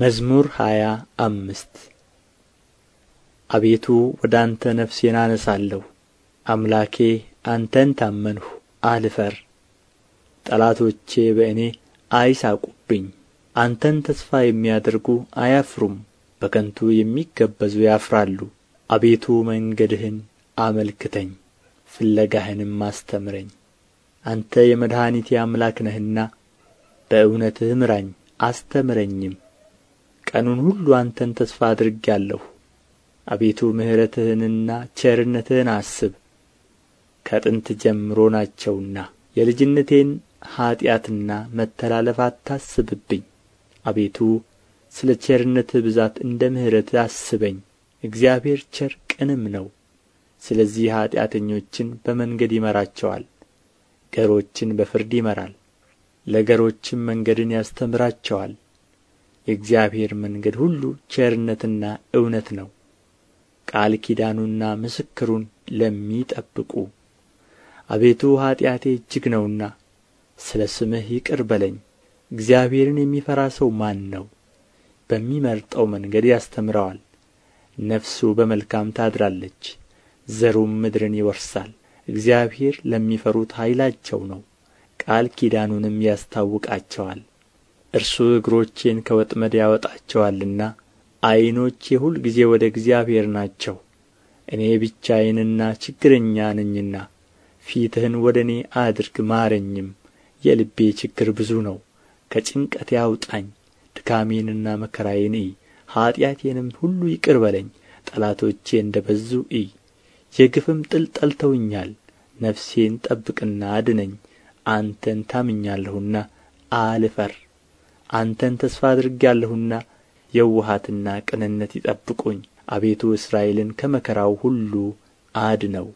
መዝሙር ሃያ አምስት አቤቱ ወደ አንተ ነፍሴን አነሣለሁ አምላኬ አንተን ታመንሁ አልፈር ጠላቶቼ በእኔ አይሳቁብኝ አንተን ተስፋ የሚያደርጉ አያፍሩም በከንቱ የሚገበዙ ያፍራሉ አቤቱ መንገድህን አመልክተኝ ፍለጋህንም አስተምረኝ አንተ የመድኃኒቴ አምላክ ነህና በእውነትህ ምራኝ አስተምረኝም ቀኑን ሁሉ አንተን ተስፋ አድርጌአለሁ አቤቱ ምሕረትህንና ቸርነትህን አስብ ከጥንት ጀምሮ ናቸውና የልጅነቴን ኀጢአትና መተላለፍ አታስብብኝ አቤቱ ስለ ቸርነትህ ብዛት እንደ ምሕረትህ አስበኝ እግዚአብሔር ቸር ቅንም ነው ስለዚህ ኀጢአተኞችን በመንገድ ይመራቸዋል ገሮችን በፍርድ ይመራል ለገሮችም መንገድን ያስተምራቸዋል የእግዚአብሔር መንገድ ሁሉ ቸርነትና እውነት ነው ቃል ኪዳኑና ምስክሩን ለሚጠብቁ አቤቱ ኃጢአቴ እጅግ ነውና ስለ ስምህ ይቅር በለኝ እግዚአብሔርን የሚፈራ ሰው ማን ነው በሚመርጠው መንገድ ያስተምረዋል ነፍሱ በመልካም ታድራለች ዘሩም ምድርን ይወርሳል እግዚአብሔር ለሚፈሩት ኃይላቸው ነው ቃል ኪዳኑንም ያስታውቃቸዋል እርሱ እግሮቼን ከወጥመድ ያወጣቸዋልና ዓይኖቼ ሁልጊዜ ወደ እግዚአብሔር ናቸው እኔ ብቻዬንና ችግረኛ ነኝና ፊትህን ወደ እኔ አድርግ ማረኝም የልቤ ችግር ብዙ ነው ከጭንቀቴ አውጣኝ ድካሜንና መከራዬን እይ ኀጢአቴንም ሁሉ ይቅር በለኝ ጠላቶቼ እንደ በዙ እይ የግፍም ጥል ጠልተውኛል ነፍሴን ጠብቅና አድነኝ አንተን ታምኛለሁና አልፈር አንተን ተስፋ አድርጌአለሁና የውሃትና ቅንነት ይጠብቁኝ አቤቱ እስራኤልን ከመከራው ሁሉ አድነው